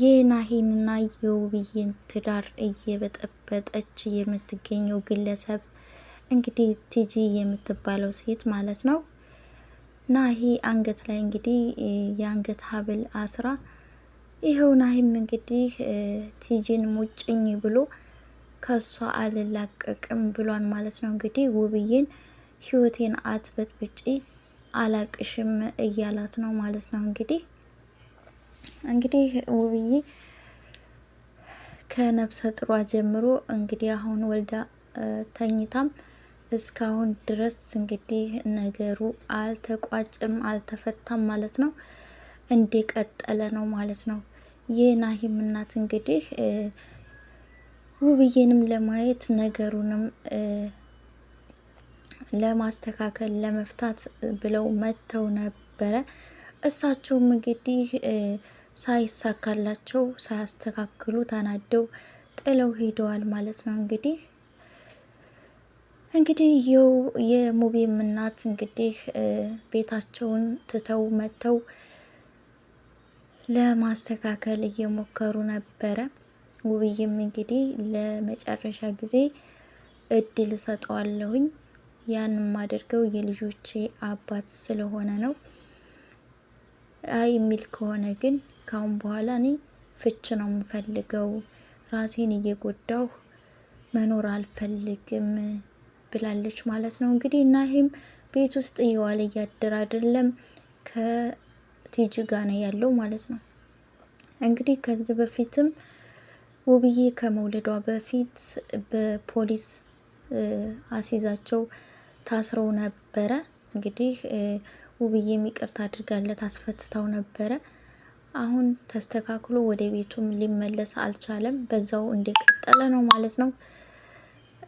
የናሂንና የውብዬን ትዳር እየበጠበጠች የምትገኘው ግለሰብ እንግዲህ ቲጂ የምትባለው ሴት ማለት ነው። ናሂ አንገት ላይ እንግዲህ የአንገት ሀብል አስራ ይኸው ናሂም እንግዲህ ቲጂን ሙጭኝ ብሎ ከሷ አልላቀቅም ብሏን ማለት ነው። እንግዲህ ውብዬን ህይወቴን አትበጥብጪ አላቅሽም እያላት ነው ማለት ነው እንግዲህ እንግዲህ ውብዬ ከነብሰ ጥሯ ጀምሮ እንግዲህ አሁን ወልዳ ተኝታም እስካሁን ድረስ እንግዲህ ነገሩ አልተቋጭም አልተፈታም ማለት ነው። እንደቀጠለ ነው ማለት ነው። የናሂም እናት እንግዲህ ውብዬንም ለማየት ነገሩንም ለማስተካከል ለመፍታት ብለው መጥተው ነበረ። እሳቸውም እንግዲህ ሳይሳካላቸው ሳያስተካክሉ ተናደው ጥለው ሄደዋል ማለት ነው። እንግዲህ እንግዲህ ይኸው የሙቤም እናት እንግዲህ ቤታቸውን ትተው መጥተው ለማስተካከል እየሞከሩ ነበረ። ውብዬም እንግዲህ ለመጨረሻ ጊዜ እድል እሰጠዋለሁኝ ያን የማደርገው የልጆቼ አባት ስለሆነ ነው አይ የሚል ከሆነ ግን ካሁን በኋላ እኔ ፍች ነው የምፈልገው፣ ራሴን እየጎዳሁ መኖር አልፈልግም ብላለች ማለት ነው። እንግዲህ ናሂም ቤት ውስጥ እየዋለ እያደር አይደለም ከቲጂ ጋር ነው ያለው ማለት ነው። እንግዲህ ከዚህ በፊትም ውብዬ ከመውለዷ በፊት በፖሊስ አሲዛቸው ታስረው ነበረ። እንግዲህ ውብዬ ይቅርታ አድርጋለት አስፈትተው ነበረ። አሁን ተስተካክሎ ወደ ቤቱም ሊመለስ አልቻለም። በዛው እንደቀጠለ ነው ማለት ነው።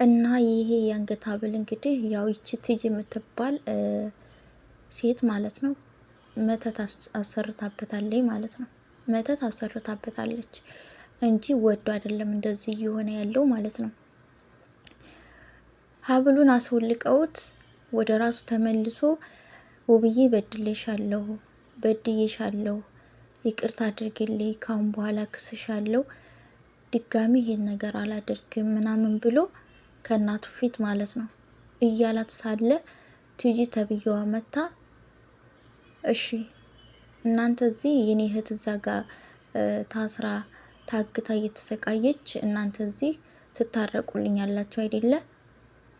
እና ይሄ የአንገት ሀብል እንግዲህ ያው ይቺ ትጅ የምትባል ሴት ማለት ነው መተት አሰርታበታለች ማለት ነው። መተት አሰርታበታለች እንጂ ወዶ አይደለም እንደዚህ እየሆነ ያለው ማለት ነው። ሀብሉን አስወልቀውት ወደ ራሱ ተመልሶ ውብዬ በድሌሻለሁ በድዬሻለሁ ይቅርታ አድርግልኝ፣ ካሁን በኋላ ክስሻለሁ፣ ድጋሚ ይሄን ነገር አላደርግም ምናምን ብሎ ከእናቱ ፊት ማለት ነው እያላት ሳለ ቲጂ ተብዬዋ መታ እሺ እናንተ እዚህ የኔ እህት እዛ ጋር ታስራ ታግታ እየተሰቃየች እናንተ እዚህ ትታረቁልኝ ያላችሁ አይደለ?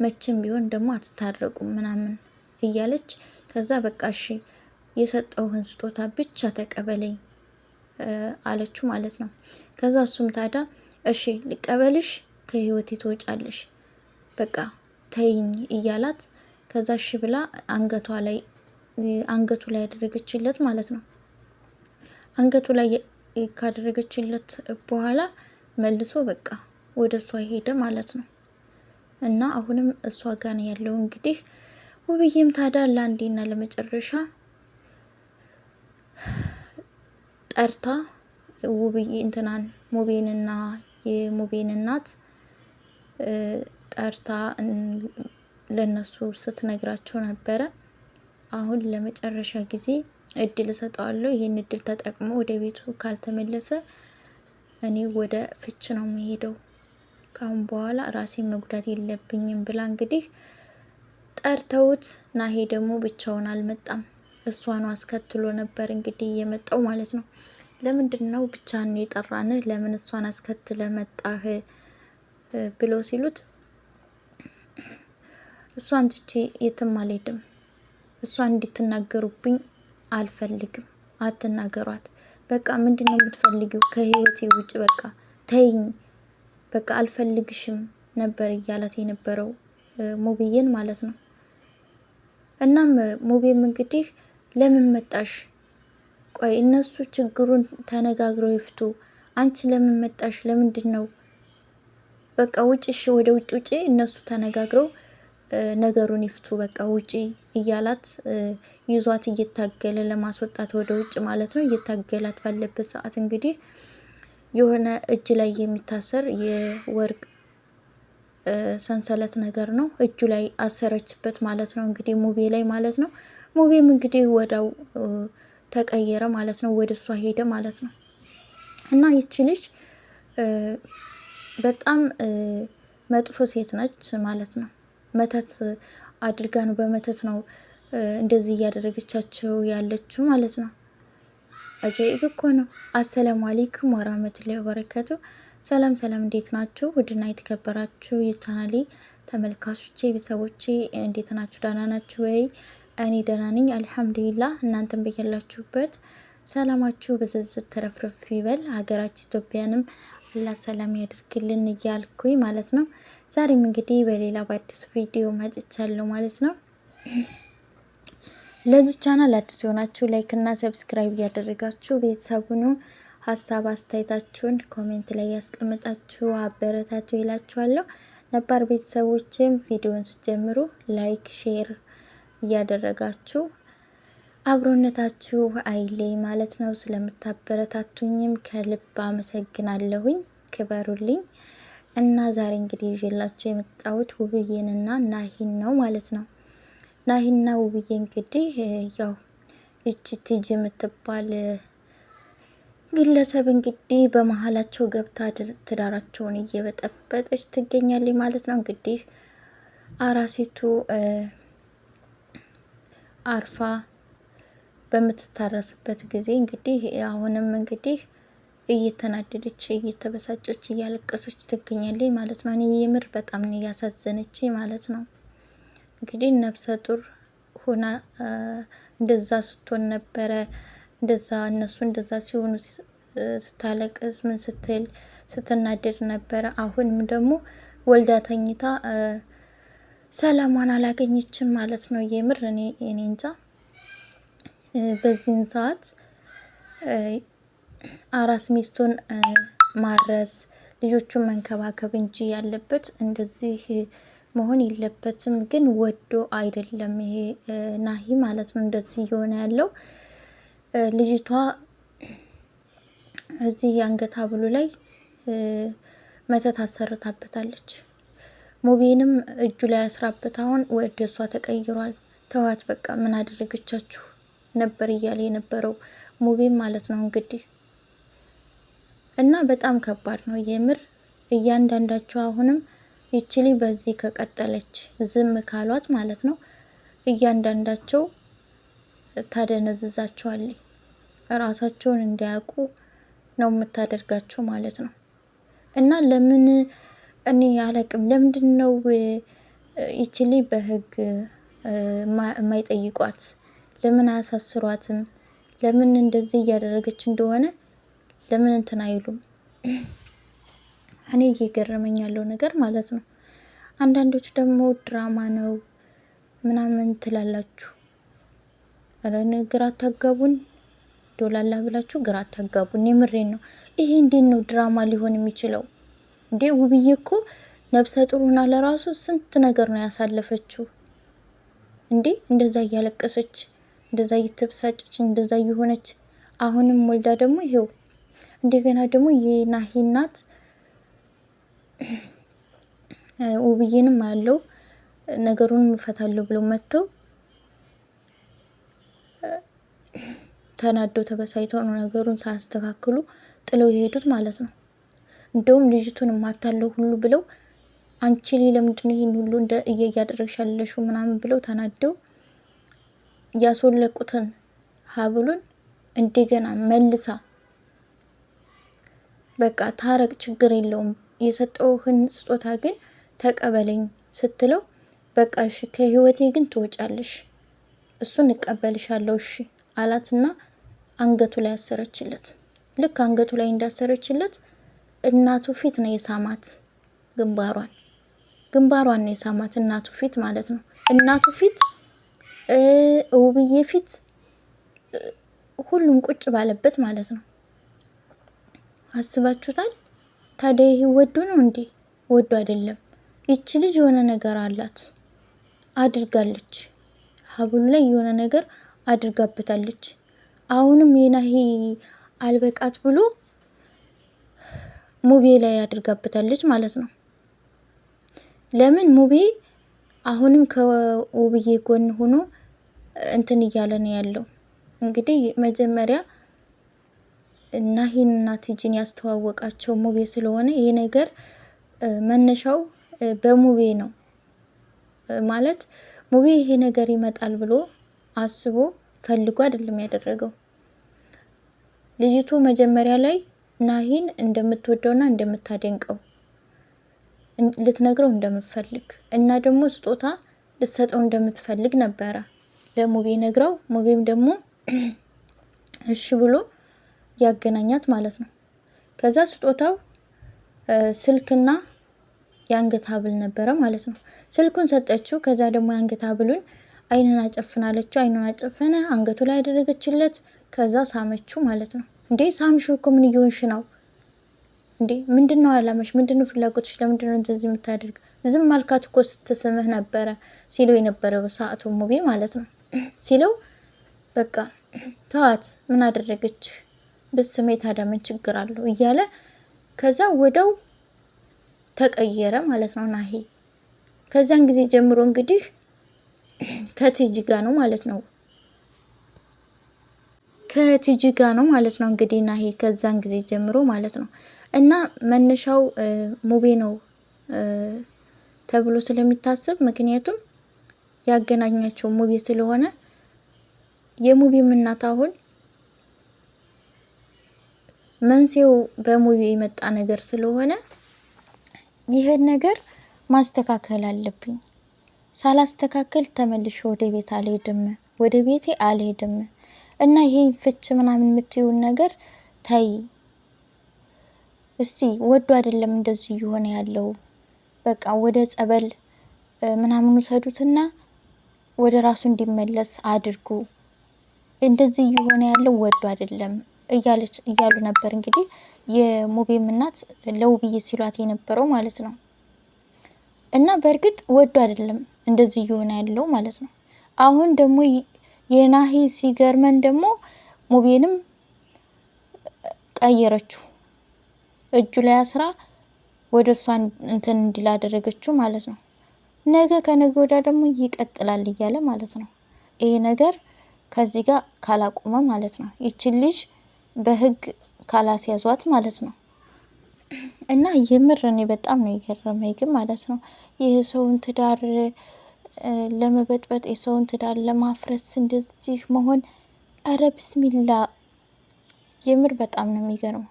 መቼም ቢሆን ደግሞ አትታረቁም ምናምን እያለች ከዛ በቃ እሺ የሰጠውህን ስጦታ ብቻ ተቀበለኝ አለችው ማለት ነው። ከዛ እሱም ታዲያ እሺ ልቀበልሽ፣ ከህይወቴ ትወጫለሽ፣ በቃ ተይኝ እያላት ከዛ እሺ ብላ አንገቷ ላይ አንገቱ ላይ ያደረገችለት ማለት ነው። አንገቱ ላይ ካደረገችለት በኋላ መልሶ በቃ ወደ እሷ ሄደ ማለት ነው። እና አሁንም እሷ ጋር ነው ያለው እንግዲህ ውብዬም ታዲያ ለአንዴና ለመጨረሻ ጠርታ ውብዬ እንትናን ሙቤንና የሙቤን እናት ጠርታ ለነሱ ስትነግራቸው ነበረ። አሁን ለመጨረሻ ጊዜ እድል እሰጠዋለሁ፣ ይህን እድል ተጠቅሞ ወደ ቤቱ ካልተመለሰ እኔ ወደ ፍች ነው የምሄደው፣ ካሁን በኋላ ራሴን መጉዳት የለብኝም ብላ እንግዲህ ጠርተውት ናሄ ደግሞ ብቻውን አልመጣም። እሷን አስከትሎ ነበር እንግዲህ የመጣው ማለት ነው። ለምንድን ነው ብቻህን የጠራንህ? ለምን እሷን አስከትለ መጣህ? ብሎ ሲሉት እሷን ትቼ የትም አልሄድም። እሷን እንድትናገሩብኝ አልፈልግም። አትናገሯት። በቃ ምንድን ነው የምትፈልጊው? ከህይወቴ ውጭ በቃ ተይኝ፣ በቃ አልፈልግሽም ነበር እያላት የነበረው ሙብዬን ማለት ነው። እናም ሙቤም እንግዲህ ለምን መጣሽ? ቆይ እነሱ ችግሩን ተነጋግረው ይፍቱ። አንቺ ለምን መጣሽ? ለምንድን ነው በቃ ውጭ፣ እሺ ወደ ውጭ ውጪ፣ እነሱ ተነጋግረው ነገሩን ይፍቱ፣ በቃ ውጪ እያላት ይዟት እየታገለ ለማስወጣት ወደ ውጭ ማለት ነው። እየታገላት ባለበት ሰዓት እንግዲህ የሆነ እጅ ላይ የሚታሰር የወርቅ ሰንሰለት ነገር ነው እጁ ላይ አሰረችበት ማለት ነው። እንግዲህ ሙቤ ላይ ማለት ነው። ሙቤም እንግዲህ ወዳው ተቀየረ ማለት ነው፣ ወደ እሷ ሄደ ማለት ነው። እና ይቺ ልጅ በጣም መጥፎ ሴት ነች ማለት ነው። መተት አድርጋ ነው፣ በመተት ነው እንደዚህ እያደረገቻቸው ያለችው ማለት ነው። አጃይብ እኮ ነው። አሰላሙ አሌይኩም ወራህመቱላሂ ወበረከቱ። ሰላም ሰላም፣ እንዴት ናችሁ? ውድና የተከበራችሁ የቻናሌ ተመልካቾቼ ቤተሰቦቼ እንዴት ናችሁ? ዳና ናችሁ ወይ? እኔ ደህና ነኝ አልሐምዱሊላህ። እናንተም በያላችሁበት ሰላማችሁ በዝዝት ተረፍረፍ ይበል። ሀገራችን ኢትዮጵያንም አላህ ሰላም ያደርግልን እያልኩኝ ማለት ነው። ዛሬም እንግዲህ በሌላ በአዲስ ቪዲዮ መጥቻለሁ ማለት ነው። ለዚህ ቻናል አዲስ የሆናችሁ ላይክ እና ሰብስክራይብ እያደረጋችሁ ቤተሰቡኑ ሀሳብ አስተያየታችሁን ኮሜንት ላይ ያስቀምጣችሁ አበረታቱ ይላችኋለሁ። ነባር ቤተሰቦችም ቪዲዮን ስጀምሩ ላይክ ሼር እያደረጋችሁ አብሮነታችሁ አይሌ ማለት ነው። ስለምታበረታቱኝም ከልብ አመሰግናለሁኝ። ክበሩልኝ እና ዛሬ እንግዲህ ይዤላችሁ የመጣሁት ውብዬንና ናሂን ነው ማለት ነው። ናሂና ውብዬ እንግዲህ ያው እቺ ቲጂ የምትባል ግለሰብ እንግዲህ በመሀላቸው ገብታ ትዳራቸውን እየበጠበጠች ትገኛለች ማለት ነው። እንግዲህ አራሲቱ አርፋ በምትታረስበት ጊዜ እንግዲህ አሁንም እንግዲህ እየተናደደች እየተበሳጨች እያለቀሰች ትገኛለች ማለት ነው። እኔ የምር በጣም ነው እያሳዘነች ማለት ነው። እንግዲህ ነፍሰ ጡር ሆና እንደዛ ስትሆን ነበረ። እንደዛ እነሱ እንደዛ ሲሆኑ ስታለቅስ ምን ስትል ስትናደድ ነበረ። አሁንም ደግሞ ወልዳ ተኝታ ሰላሟን አላገኘችም ማለት ነው። የምር እኔ እኔ እንጃ በዚህን ሰዓት አራስ ሚስቱን ማረስ ልጆቹን መንከባከብ እንጂ ያለበት እንደዚህ መሆን የለበትም። ግን ወዶ አይደለም ይሄ ናሂ ማለት ነው እንደዚህ እየሆነ ያለው። ልጅቷ እዚህ የአንገት ሀብሉ ላይ መተት አሰርታበታለች። ሙቤንም እጁ ላይ ያስራበት አሁን ወደ እሷ ተቀይሯል። ተዋት በቃ ምን አደረገቻችሁ ነበር እያለ የነበረው ሙቤን ማለት ነው እንግዲህ እና በጣም ከባድ ነው የምር እያንዳንዳቸው አሁንም ይችሊ በዚህ ከቀጠለች ዝም ካሏት ማለት ነው እያንዳንዳቸው ታደነዝዛቸዋል። ራሳቸውን እንዲያውቁ ነው የምታደርጋቸው ማለት ነው እና ለምን እኔ አላቅም ለምንድን ነው ይችሊ በህግ የማይጠይቋት? ለምን አያሳስሯትም? ለምን እንደዚህ እያደረገች እንደሆነ ለምን እንትን አይሉም? እኔ እየገረመኝ ያለው ነገር ማለት ነው። አንዳንዶች ደግሞ ድራማ ነው ምናምን ትላላችሁ። ረን ግራ አታጋቡን ዶላላ ብላችሁ ግራ አታጋቡን። የምሬን ነው። ይሄ እንዴት ነው ድራማ ሊሆን የሚችለው? እንዴ ውብዬ እኮ ነብሰ ጡር ሆና ለራሱ ስንት ነገር ነው ያሳለፈችው። እንዴ እንደዛ እያለቀሰች እንደዛ እየተበሳጨች እንደዛ እየሆነች አሁንም ወልዳ ደግሞ ይሄው እንደገና ደግሞ የናሂ እናት ውብዬንም ያለው ነገሩን እፈታለሁ ብሎ መጥተው ተናዶ ተበሳይተው ነው ነገሩን ሳያስተካክሉ ጥለው የሄዱት ማለት ነው። እንደውም ልጅቱን ማታለው ሁሉ ብለው አንቺ ለምንድነው ይህን ሁሉ እንደ እየ እያደረግ ያለሹ ምናምን ብለው ተናደው ያስወለቁትን ሀብሉን እንደገና መልሳ በቃ ታረቅ፣ ችግር የለውም የሰጠውህን ስጦታ ግን ተቀበለኝ ስትለው በቃ እሺ ከህይወቴ ግን ትወጫለሽ፣ እሱን እቀበልሻለሁ እሺ አላትና አንገቱ ላይ አሰረችለት። ልክ አንገቱ ላይ እንዳሰረችለት እናቱ ፊት ነው የሳማት። ግንባሯን ግንባሯን ነው የሳማት እናቱ ፊት ማለት ነው። እናቱ ፊት፣ ውብዬ ፊት፣ ሁሉም ቁጭ ባለበት ማለት ነው። አስባችሁታል? ታዲያ ይህ ወዶ ነው እንዴ? ወዶ አይደለም። ይቺ ልጅ የሆነ ነገር አላት አድርጋለች። ሀብሉ ላይ የሆነ ነገር አድርጋበታለች። አሁንም የናሂ አልበቃት ብሎ ሙቤ ላይ አድርጋበታለች ማለት ነው። ለምን ሙቤ አሁንም ከውብዬ ጎን ሆኖ እንትን እያለ ነው ያለው። እንግዲህ መጀመሪያ እና ቲጂን ያስተዋወቃቸው ሙቤ ስለሆነ ይሄ ነገር መነሻው በሙቤ ነው ማለት ሙቤ ይሄ ነገር ይመጣል ብሎ አስቦ ፈልጎ አይደለም ያደረገው። ልጅቱ መጀመሪያ ላይ ናሂን እንደምትወደውና እንደምታደንቀው ልትነግረው እንደምትፈልግ እና ደግሞ ስጦታ ልትሰጠው እንደምትፈልግ ነበረ ለሙቤ ነግረው፣ ሙቤም ደግሞ እሺ ብሎ ያገናኛት ማለት ነው። ከዛ ስጦታው ስልክና የአንገት ሀብል ነበረ ማለት ነው። ስልኩን ሰጠችው። ከዛ ደግሞ የአንገት ሀብሉን አይንን አጨፍናለችው። አይኑን አጨፈነ፣ አንገቱ ላይ ያደረገችለት። ከዛ ሳመችው ማለት ነው። እንዴ ሳምሹ እኮ ምን እየሆንሽ ነው እንዴ? ምንድን ነው አላማሽ? ምንድን ነው ፍላጎትሽ? ለምንድን ነው እንደዚህ የምታደርግ? ዝም አልካት እኮ ስትስምህ ነበረ ሲለው የነበረው ሰዓቱ ሙቤ ማለት ነው ሲለው፣ በቃ ተዋት፣ ምን አደረገች ብስሜ ታዲያ ምን ችግር አለው እያለ ከዛ ወደው ተቀየረ ማለት ነው ናሂ። ከዚያን ጊዜ ጀምሮ እንግዲህ ከትጅ ጋ ነው ማለት ነው ከቲጂ ጋ ነው ማለት ነው እንግዲህ ናሂ ከዛን ጊዜ ጀምሮ ማለት ነው እና መነሻው ሙቤ ነው ተብሎ ስለሚታሰብ ምክንያቱም ያገናኛቸው ሙቤ ስለሆነ የሙቤ እናት አሁን መንስኤው በሙቤ የመጣ ነገር ስለሆነ ይህን ነገር ማስተካከል አለብኝ። ሳላስተካከል ተመልሼ ወደ ቤት አልሄድም፣ ወደ ቤቴ አልሄድም። እና ይሄን ፍች ምናምን የምትዩን ነገር ታይ እስቲ ወዶ አይደለም እንደዚህ እየሆነ ያለው። በቃ ወደ ጸበል ምናምን ውሰዱትና ወደ ራሱ እንዲመለስ አድርጉ። እንደዚህ እየሆነ ያለው ወዶ አይደለም እያለች እያሉ ነበር እንግዲህ የሙቤም እናት ለውብዬ ሲሏት የነበረው ማለት ነው። እና በእርግጥ ወዶ አይደለም እንደዚህ እየሆነ ያለው ማለት ነው። አሁን ደግሞ የናሂ ሲገርመን ደግሞ ሙቤንም ቀየረችው። እጁ ላይ አስራ ወደ እሷ እንትን እንዲል አደረገችው ማለት ነው። ነገ ከነገ ወዳ ደግሞ ይቀጥላል እያለ ማለት ነው። ይሄ ነገር ከዚህ ጋር ካላቆመ ማለት ነው ይችን ልጅ በህግ ካላስያዟት ማለት ነው። እና የምር እኔ በጣም ነው የገረመኝ ግን ማለት ነው ይህ ሰውን ትዳር ለመበጥበጥ የሰውን ትዳር ለማፍረስ እንደዚህ መሆን፣ እረ ብስሚላ የምር በጣም ነው የሚገርመው።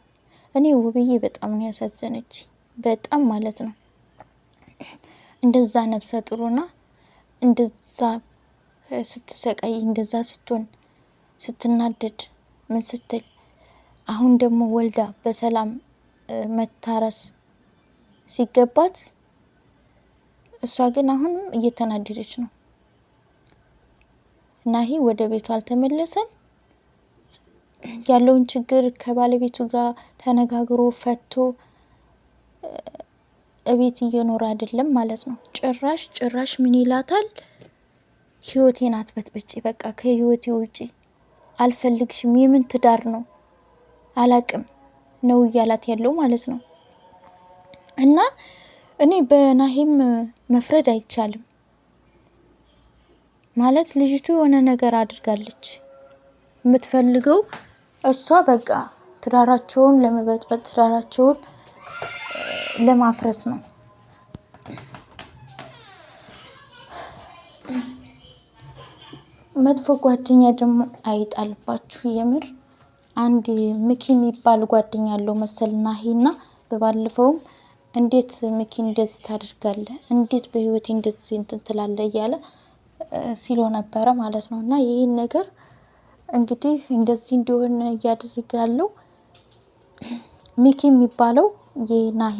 እኔ ውብዬ በጣም ነው ያሳዘነች፣ በጣም ማለት ነው። እንደዛ ነብሰ ጥሩና እንደዛ ስትሰቃይ፣ እንደዛ ስትሆን፣ ስትናደድ፣ ምን ስትል አሁን ደግሞ ወልዳ በሰላም መታረስ ሲገባት እሷ ግን አሁንም እየተናደደች ነው። ናሂ ወደ ቤቱ አልተመለሰም። ያለውን ችግር ከባለቤቱ ጋር ተነጋግሮ ፈቶ እቤት እየኖረ አይደለም ማለት ነው። ጭራሽ ጭራሽ ምን ይላታል? ህይወቴን አትበጥብጪ፣ በቃ ከህይወቴ ውጪ አልፈልግሽም፣ የምን ትዳር ነው አላቅም ነው እያላት ያለው ማለት ነው እና እኔ በናሂም መፍረድ አይቻልም። ማለት ልጅቱ የሆነ ነገር አድርጋለች። የምትፈልገው እሷ በቃ ትዳራቸውን ለመበጥበጥ ትዳራቸውን ለማፍረስ ነው። መጥፎ ጓደኛ ደግሞ አይጣልባችሁ። የምር አንድ ምኪ የሚባል ጓደኛ አለው መሰል ናሂና በባለፈውም እንዴት ሚኪ እንደዚህ ታደርጋለህ? እንዴት በህይወቴ እንደዚህ እንትን ትላለህ? እያለ ሲሎ ነበረ ማለት ነው። እና ይህን ነገር እንግዲህ እንደዚህ እንዲሆን እያደርጋለው ሚኪ የሚባለው የናሂ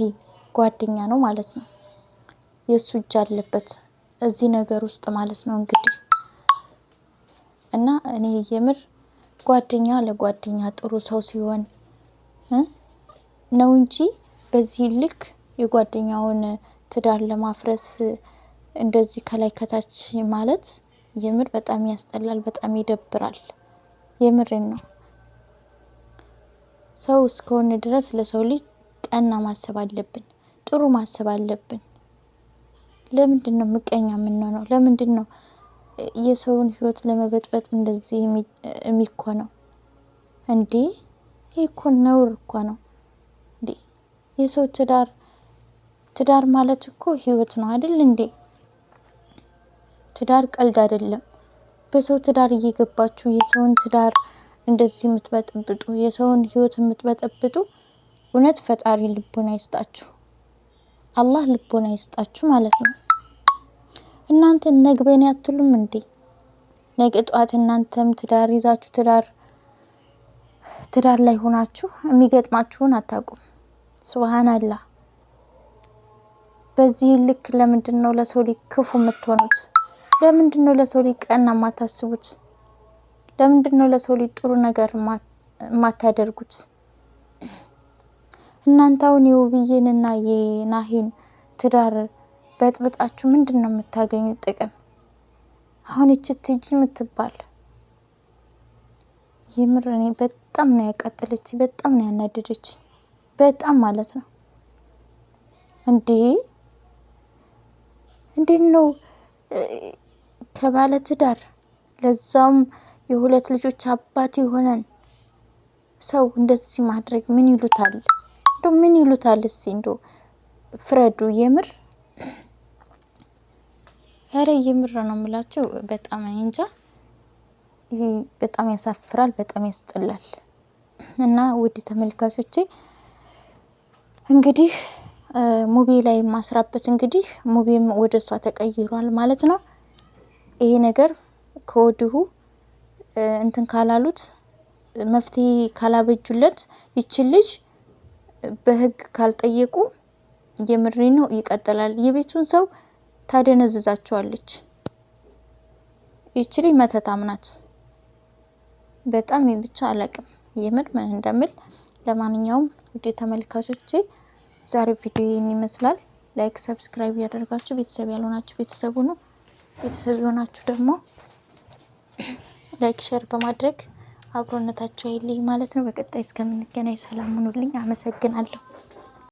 ጓደኛ ነው ማለት ነው። የእሱ እጅ አለበት እዚህ ነገር ውስጥ ማለት ነው እንግዲህ እና እኔ የምር ጓደኛ ለጓደኛ ጥሩ ሰው ሲሆን ነው እንጂ በዚህ ልክ የጓደኛውን ትዳር ለማፍረስ እንደዚህ ከላይ ከታች ማለት የምር በጣም ያስጠላል፣ በጣም ይደብራል። የምርን ነው። ሰው እስከሆነ ድረስ ለሰው ልጅ ቀና ማሰብ አለብን፣ ጥሩ ማሰብ አለብን። ለምንድን ነው ምቀኛ የምንሆነው? ለምንድን ነው የሰውን ህይወት ለመበጥበጥ እንደዚህ የሚኮነው? እንዴ ይህ እኮ ነውር እኮ ነው እንዴ! የሰው ትዳር ትዳር ማለት እኮ ህይወት ነው አይደል እንዴ? ትዳር ቀልድ አይደለም። በሰው ትዳር እየገባችሁ የሰውን ትዳር እንደዚህ የምትበጠብጡ የሰውን ህይወት የምትበጠብጡ እውነት ፈጣሪ ልቦና ይስጣችሁ፣ አላህ ልቦና ይስጣችሁ ማለት ነው። እናንተ ነግበኔ አትሉም እንዴ? ነገ ጠዋት እናንተም ትዳር ይዛችሁ ትዳር ትዳር ላይ ሆናችሁ የሚገጥማችሁን አታውቁም። ሱብሃን አላህ በዚህ ልክ ለምንድን ነው ለሰው ልጅ ክፉ የምትሆኑት? ለምንድን ነው ለሰው ልጅ ቀና ማታስቡት? ለምንድን ነው ለሰው ልጅ ጥሩ ነገር የማታደርጉት? እናንተ አሁን የውብዬንና የናሂን ትዳር በጥብጣችሁ ምንድን ነው የምታገኙት ጥቅም? አሁን ይቺ ትጂ የምትባል የምር እኔ በጣም ነው ያቃጠለች፣ በጣም ነው ያናደደች፣ በጣም ማለት ነው እንዴ እንዴት ነው ከባለ ትዳር ለዛውም የሁለት ልጆች አባት የሆነን ሰው እንደዚህ ማድረግ ምን ይሉታል? እንዶ ምን ይሉታል? እስቲ እንዶ ፍረዱ። የምር ኧረ የምር ነው የምላችሁ። በጣም እንጃ፣ በጣም ያሳፍራል፣ በጣም ያስጠላል። እና ውድ ተመልካቾቼ እንግዲህ ሙቤ ላይ ማስራበት እንግዲህ ሙቢም ወደ እሷ ተቀይሯል ማለት ነው። ይሄ ነገር ከወዲሁ እንትን ካላሉት መፍትሄ ካላበጁለት ይች ልጅ በህግ ካልጠየቁ የምሬ ነው ይቀጥላል። የቤቱን ሰው ታደነዝዛቸዋለች። ይች ልጅ መተታም ናት። በጣም ብቻ አላቅም የምር ምን እንደምል። ለማንኛውም ውድ ተመልካቾቼ ዛሬ ቪዲዮ ይህን ይመስላል። ላይክ ሰብስክራይብ ያደርጋችሁ ቤተሰብ ያልሆናችሁ ቤተሰቡ ነው። ቤተሰብ የሆናችሁ ደግሞ ላይክ ሼር በማድረግ አብሮነታችሁ አይለይ ማለት ነው። በቀጣይ እስከምንገናኝ ሰላም ሁኑልኝ። አመሰግናለሁ።